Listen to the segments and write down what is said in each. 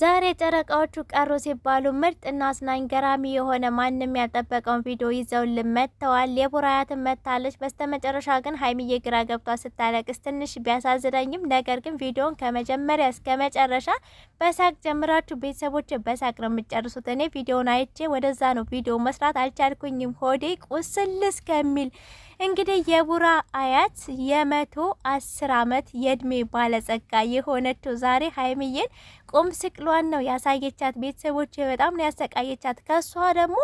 ዛሬ ጨረቃዎቹ ቀሩ ሲባሉ ምርጥና አዝናኝ ገራሚ የሆነ ማንም ያልጠበቀውን ቪዲዮ ይዘውልን መጥተዋል። የቡራያትን መታለች። በስተመጨረሻ ግን ሀይሚዬ ግራ ገብቷ ስታለቅስ ትንሽ ቢያሳዝነኝም፣ ነገር ግን ቪዲዮን ከመጀመሪያ እስከ መጨረሻ በሳቅ ጀምራችሁ ቤተሰቦች በሳቅ ነው የምጨርሱት። እኔ ቪዲዮን አይቼ ወደዛ ነው ቪዲዮ መስራት አልቻልኩኝም፣ ሆዴ ቁስል እስከሚል። እንግዲህ የቡራ አያት የመቶ አስር አመት የእድሜ ባለጸጋ የሆነችው ዛሬ ሀይሚዬን ቁም ስቅሏን ነው ያሳየቻት። ቤተሰቦች በጣም ነው ያሰቃየቻት። ከሷ ደግሞ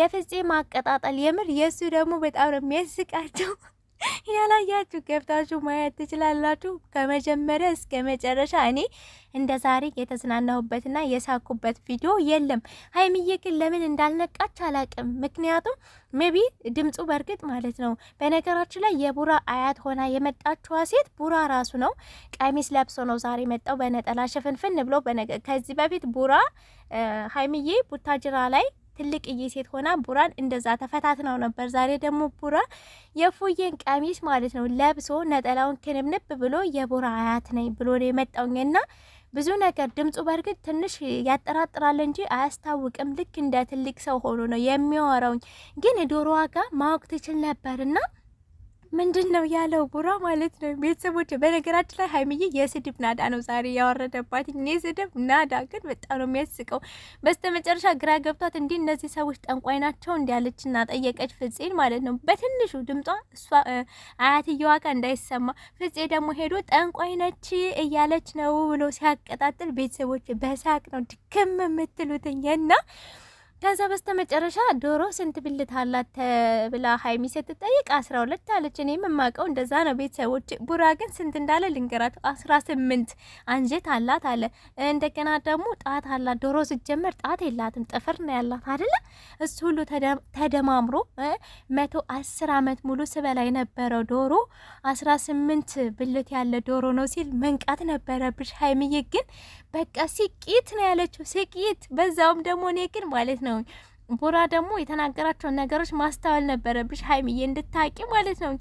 የፍፄ ማቀጣጠል የምር የእሱ ደግሞ በጣም ነው የሚያስቃቸው። ያላያችሁ ገብታችሁ ማየት ትችላላችሁ። ከመጀመሪያ እስከ መጨረሻ እኔ እንደ ዛሬ የተዝናናሁበትና የሳኩበት ቪዲዮ የለም። ሀይሚዬ ግን ለምን እንዳልነቃች አላቅም። ምክንያቱም ሜቢ ድምፁ በእርግጥ ማለት ነው። በነገራችን ላይ የቡራ አያት ሆና የመጣችዋ ሴት ቡራ ራሱ ነው። ቀሚስ ለብሶ ነው ዛሬ መጣው በነጠላ ሽፍንፍን ብሎ። ከዚህ በፊት ቡራ ሀይሚዬ ቡታጅራ ላይ ትልቅዬ ሴት ሆና ቡራን እንደዛ ተፈታትናው ነበር። ዛሬ ደግሞ ቡራ የፉዬን ቀሚስ ማለት ነው ለብሶ ነጠላውን ክንብንብ ብሎ የቡራ አያት ነኝ ብሎ ነው ና ብዙ ነገር ድምፁ በእርግጥ ትንሽ ያጠራጥራል እንጂ አያስታውቅም። ልክ እንደ ትልቅ ሰው ሆኖ ነው የሚያወራውኝ። ግን ዶሮ ዋጋ ማወቅ ትችል ነበርና ምንድን ነው ያለው ቡራ ማለት ነው። ቤተሰቦች በነገራችን ላይ ሀይሚዬ የስድብ ናዳ ነው ዛሬ ያወረደባት። እኔ ስድብ ናዳ ግን በጣም ነው የሚያስቀው። በስተ መጨረሻ ግራ ገብቷት እንዲህ እነዚህ ሰዎች ጠንቋይ ናቸው እንዲያለች ና ጠየቀች ፍጼን ማለት ነው። በትንሹ ድምጧ እሷ አያትየዋ ጋ እንዳይሰማ ፍጼ ደግሞ ሄዶ ጠንቋይ ነች እያለች ነው ብሎ ሲያቀጣጥል ቤተሰቦች በሳቅ ነው ድክም የምትሉትኝ እና ከዛ በስተመጨረሻ ዶሮ ስንት ብልት አላት ተብላ ሀይሚ ስትጠይቅ አስራ ሁለት አለች። እኔ የምማቀው እንደዛ ነው ቤተሰቦች። ቡራ ግን ስንት እንዳለ ልንገራቸው፣ አስራ ስምንት አንጀት አላት አለ። እንደገና ደግሞ ጣት አላት። ዶሮ ሲጀመር ጣት የላትም ጥፍር ነው ያላት አደለ? እሱ ሁሉ ተደማምሮ መቶ አስር አመት ሙሉ ስበላይ የነበረው ዶሮ አስራ ስምንት ብልት ያለ ዶሮ ነው ሲል መንቃት ነበረብሽ ሀይሚዬ። ግን በቃ ሲቂት ነው ያለችው፣ ሲቂት በዛውም ደግሞ እኔ ግን ማለት ነው ነው። ቡራ ደግሞ የተናገራቸውን ነገሮች ማስተዋል ነበረብሽ ሀይሚዬ፣ እንድታቂ ማለት ነው።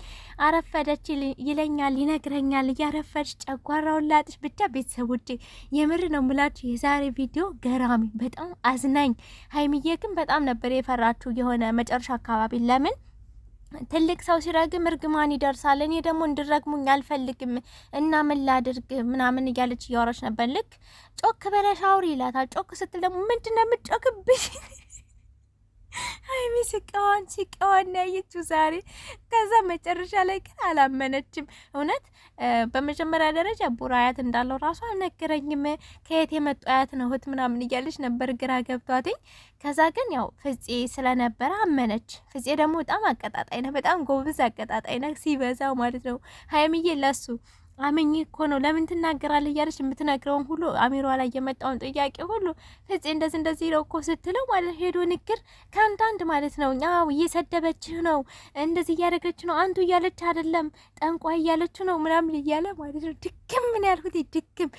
አረፈደች ይለኛል ይነግረኛል፣ እያረፈች ጨጓራውን ላጥሽ። ብቻ ቤተሰቦቼ የምር ነው ምላችሁ የዛሬ ቪዲዮ ገራሚ፣ በጣም አዝናኝ። ሀይሚዬ ግን በጣም ነበር የፈራችሁ የሆነ መጨረሻ አካባቢ ለምን ትልቅ ሰው ሲረግም እርግማን ይደርሳል። እኔ ደግሞ እንድረግሙኝ አልፈልግም እና ምን ላድርግ ምናምን እያለች እያወራች ነበር። ልክ ጮክ በለሽ አውሪ ይላታል። ጮክ ስትል ደግሞ ምንድነው የምትጮክብሽ? ሀይሚ ስቃዋን ስቃዋን ያየችው ዛሬ። ከዛ መጨረሻ ላይ ግን አላመነችም። እውነት በመጀመሪያ ደረጃ ቡራ አያት እንዳለው ራሱ አልነገረኝም፣ ከየት የመጡ አያት ነው እህት ምናምን እያለች ነበር ግራ ገብቷትኝ። ከዛ ግን ያው ፍፄ ስለነበረ አመነች። ፍጼ ደግሞ በጣም አቀጣጣይ ነህ፣ በጣም ጎብዝ አቀጣጣይ ነህ፣ ሲበዛው ማለት ነው ሀይሚዬ ለሱ አመኝ እኮ ነው ለምን ትናገራለህ እያለች የምትነግረውን ሁሉ አሚሯ ላይ የመጣውን ጥያቄ ሁሉ ፍፄ እንደዚህ እንደዚህ ነው እኮ ስትለው ማለት ሄዶ ንግር ከአንዳንድ ማለት ነው ያው እየሰደበችህ ነው እንደዚህ እያደረገች ነው አንቱ እያለች አይደለም ጠንቋ እያለች ነው ምናምን እያለ ማለት ነው። ድክም ምን ያልኩት ድክም።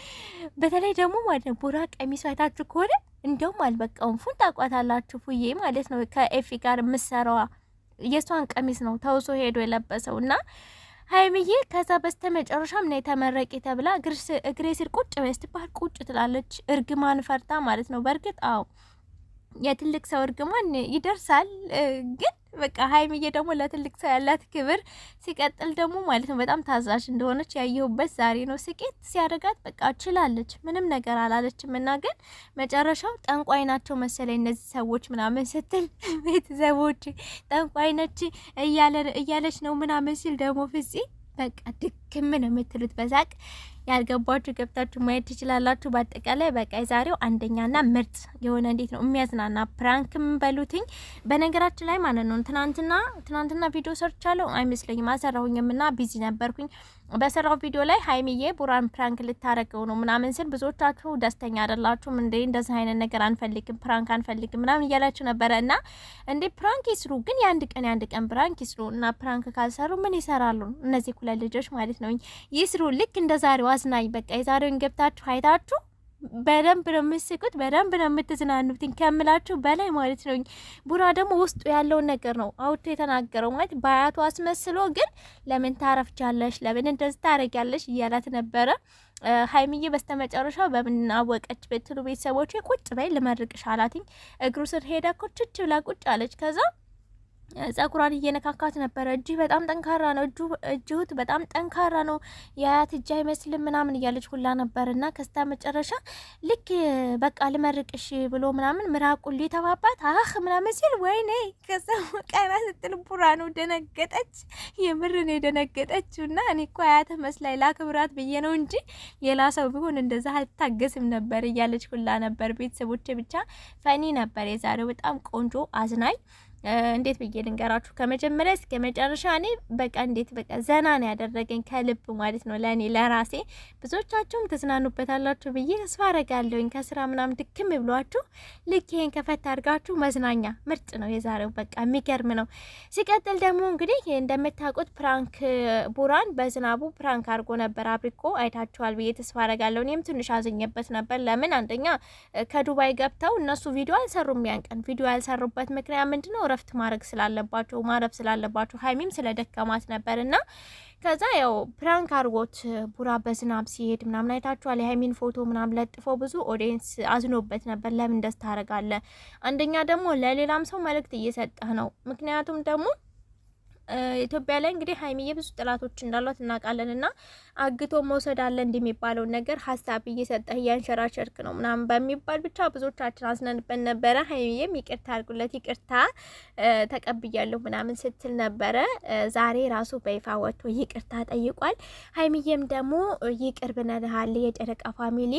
በተለይ ደግሞ ማለት ነው ቦራ ቀሚሱ አይታችሁ ከሆነ እንደውም አልበቃውም። ፉን ታቋታላችሁ። ፉዬ ማለት ነው ከኤፊ ጋር የምሰራዋ የእሷን ቀሚስ ነው ተውሶ ሄዶ የለበሰው እና ሀይምዬ ከዛ በስተ መጨረሻም ነይ ተመረቂ ተብላ እግሬ ስር ቁጭ በይ ስትባል ቁጭ ትላለች። እርግማን ፈርታ ማለት ነው። በእርግጥ አዎ የትልቅ ሰው እርግማን ይደርሳል ግን በቃ ሀይሚዬ ደግሞ ለትልቅ ሰው ያላት ክብር ሲቀጥል ደግሞ ማለት ነው በጣም ታዛዥ እንደሆነች ያየሁበት ዛሬ ነው። ስቄት ሲያደርጋት በቃ ችላለች፣ ምንም ነገር አላለችም። እና ግን መጨረሻው ጠንቋይ ናቸው መሰለኝ እነዚህ ሰዎች ምናምን ስትል ቤተሰቦች ጠንቋይ ነች እያለች ነው ምናምን ሲል ደግሞ ፍጺ በቃ ድክም ነው የምትሉት በሳቅ ያልገባችሁ ገብታችሁ ማየት ትችላላችሁ። በአጠቃላይ በቃ የዛሬው አንደኛና ምርጥ የሆነ እንዴት ነው የሚያዝናና ፕራንክም በሉትኝ። በነገራችን ላይ ማለት ነው ትናንትና ትናንትና ቪዲዮ ሰርቻለሁ አይመስለኝም አሰራሁኝም እና ቢዚ ነበርኩኝ በሰራው ቪዲዮ ላይ ሀይሚዬ ቡራን ፕራንክ ልታረገው ነው ምናምን ስል ብዙዎቻችሁ ደስተኛ አይደላችሁም እንዴ እንደዚህ አይነት ነገር አንፈልግም፣ ፕራንክ አንፈልግም ምናምን እያላችሁ ነበረ እና እንዴ ፕራንክ ይስሩ ግን የአንድ ቀን የአንድ ቀን ፕራንክ ይስሩ እና ፕራንክ ካልሰሩ ምን ይሰራሉ እነዚህ ሁለት ልጆች ማለት ነው። ይስሩ ልክ እንደ ዛሬው አዝናኝ በቃ የዛሬውን ገብታችሁ አይታችሁ በደንብ ነው የምስቁት፣ በደንብ ነው የምትዝናኑት ከምላችሁ በላይ ማለት ነው። ቡራ ደግሞ ውስጡ ያለውን ነገር ነው አውቶ የተናገረው ማለት በአያቱ አስመስሎ ግን ለምን ታረፍጃለሽ፣ ለምን እንደዚህ ታረጊያለሽ እያላት ነበረ። ሀይሚዬ በስተመጨረሻው በምናወቀች አወቀች ብትሉ ቤተሰቦች ቁጭ በይ ልመርቅሽ አላትኝ። እግሩ ስር ሄዳ ኮችች ብላ ቁጭ አለች። ከዛ ጸጉሯን እየነካካት ነበረ። እጅህ በጣም ጠንካራ ነው፣ እጅሁት በጣም ጠንካራ ነው፣ የአያት እጅ አይመስልም ምናምን እያለች ሁላ ነበር እና ከስታ መጨረሻ ልክ በቃ ልመርቅሽ ብሎ ምናምን ምራቁን ሊተባባት አህ ምናምን ሲል ወይኔ ከሰው ቀና ስትል ቡራ ነው ደነገጠች። የምርን የደነገጠችው እና እኔ እኮ አያት መስላይ ላክብራት ብዬ ነው እንጂ ሌላ ሰው ቢሆን እንደዛ አልታገስም ነበር እያለች ሁላ ነበር። ቤተሰቦች ብቻ ፈኒ ነበር የዛሬው በጣም ቆንጆ አዝናኝ እንዴት ብዬ ልንገራችሁ፣ ከመጀመሪያ እስከ መጨረሻ እኔ በቃ እንዴት በቃ ዘና ነው ያደረገኝ ከልብ ማለት ነው ለእኔ ለራሴ። ብዙዎቻችሁም ትዝናኑበታላችሁ ብዬ ተስፋ አረጋለሁኝ። ከስራ ምናምን ድክም ብሏችሁ ልክ ይሄን ከፈት አድርጋችሁ መዝናኛ ምርጥ ነው የዛሬው፣ በቃ የሚገርም ነው። ሲቀጥል ደግሞ እንግዲህ እንደምታውቁት ፕራንክ ቡራን በዝናቡ ፕራንክ አድርጎ ነበር አብሪኮ አይታችኋል ብዬ ተስፋ አረጋለሁ። እኔም ትንሽ አዝኜበት ነበር። ለምን አንደኛ ከዱባይ ገብተው እነሱ ቪዲዮ አልሰሩም። ያን ቀን ቪዲዮ ያልሰሩበት ምክንያት ምንድነው? እረፍት ማድረግ ስላለባቸው ማረፍ ስላለባቸው ሀይሚም ስለደከማት ነበር እና ከዛ ያው ፕራንክ አድርጎት ቡራ በዝናብ ሲሄድ ምናምን አይታችኋል። የሀይሚን ፎቶ ምናምን ለጥፎ ብዙ ኦዲየንስ አዝኖበት ነበር። ለምን ደስ ታደርጋለህ? አንደኛ ደግሞ ለሌላም ሰው መልእክት እየሰጠህ ነው። ምክንያቱም ደግሞ ኢትዮጵያ ላይ እንግዲህ ሀይሚዬ ብዙ ጥላቶች እንዳሏት እናውቃለን። እና አግቶ መውሰድ አለ እንዲህ የሚባለውን ነገር ሀሳብ እየሰጠህ እያንሸራሸርክ ነው ምናምን በሚባል ብቻ ብዙዎቻችን አዝነንበት ነበረ። ሀይሚዬም ይቅርታ አድርጉለት፣ ይቅርታ ተቀብያለሁ ምናምን ስትል ነበረ። ዛሬ ራሱ በይፋ ወጥቶ ይቅርታ ጠይቋል። ሀይሚዬም ደግሞ ይቅር ብነልሃል፣ የጨረቃ ፋሚሊ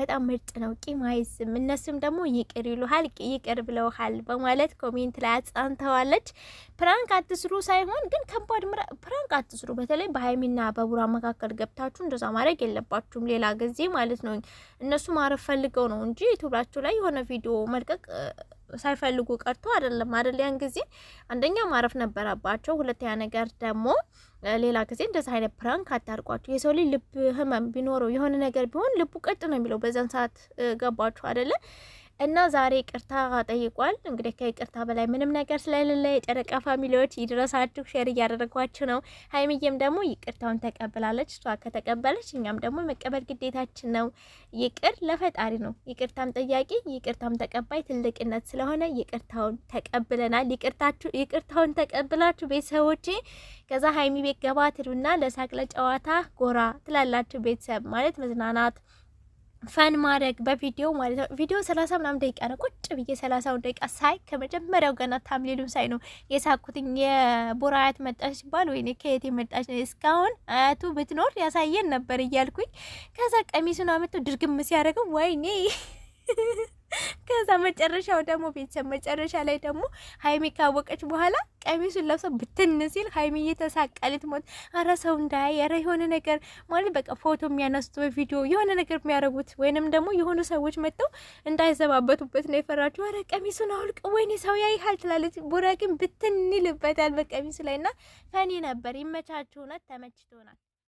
በጣም ምርጥ ነው፣ ቂም አይዝም፣ እነሱም ደግሞ ይቅር ይሉሃል፣ ይቅር ብለውሃል በማለት ኮሜንት ላይ አጽንተዋለች። ፕራንክ አትስሩ ሳይ ሳይሆን ግን ከባድ ፕራንክ አትስሩ። በተለይ በሀይሚና በቡራ መካከል ገብታችሁ እንደዛ ማድረግ የለባችሁም። ሌላ ጊዜ ማለት ነው። እነሱ ማረፍ ፈልገው ነው እንጂ ዩቱብላችሁ ላይ የሆነ ቪዲዮ መልቀቅ ሳይፈልጉ ቀርቶ አይደለም አይደል? ያን ጊዜ አንደኛ ማረፍ ነበረባቸው። ሁለተኛ ነገር ደግሞ ሌላ ጊዜ እንደዛ አይነት ፕራንክ አታርቋቸው። የሰው ልጅ ልብ ህመም ቢኖረው የሆነ ነገር ቢሆን ልቡ ቀጥ ነው የሚለው በዛን ሰዓት ገባችሁ አይደለም። እና ዛሬ ይቅርታ ጠይቋል። እንግዲህ ከይቅርታ በላይ ምንም ነገር ስለሌለ የጨረቃ ፋሚሊዎች ይድረሳችሁ፣ ሼር እያደረጓችሁ ነው። ሀይሚዬም ደግሞ ይቅርታውን ተቀብላለች። እሷ ከተቀበለች እኛም ደግሞ መቀበል ግዴታችን ነው። ይቅር ለፈጣሪ ነው። ይቅርታም ጠያቂ ይቅርታም ተቀባይ ትልቅነት ስለሆነ ይቅርታውን ተቀብለናል። ይቅርታውን ተቀብላችሁ ቤተሰቦቼ ከዛ ሀይሚ ቤት ገባ ትሉና ለሳቅለ ጨዋታ ጎራ ትላላችሁ። ቤተሰብ ማለት መዝናናት ፈን ማድረግ በቪዲዮ ማለት ነው። ቪዲዮ ሰላሳ ምናምን ደቂቃ ነው። ቁጭ ብዬ ሰላሳውን ደቂቃ ሳይ ከመጀመሪያው ገና ታምሌሉም ሳይ ነው የሳኩትኝ። የቡራ አያት መጣች ሲባል ወይኔ ከየት የመጣች ነው እስካሁን አያቱ ብትኖር ያሳየን ነበር እያልኩኝ ከዛ ቀሚሱን አመቶ ድርግም ሲያደርገው ወይኔ ከዛ መጨረሻው ደግሞ ቤተሰብ መጨረሻ ላይ ደግሞ ሀይሚ ካወቀች በኋላ ቀሚሱን ለብሶ ብትን ሲል ሀይሚ እየተሳቀልት ሞት አረ ሰው እንዳይ አረ የሆነ ነገር ማለት በቃ ፎቶ የሚያነሱት በቪዲዮ የሆነ ነገር የሚያረጉት ወይንም ደግሞ የሆኑ ሰዎች መጥተው እንዳይዘባበቱበት ነው የፈራችሁ። አረ ቀሚሱን አውልቅ፣ ወይኔ ሰው ያይሃል ትላለች። ቡራ ግን ብትን ይልበታል በቀሚሱ ላይ እና ፈኒ ነበር። ይመቻችሁ። እውነት ተመችቶናል።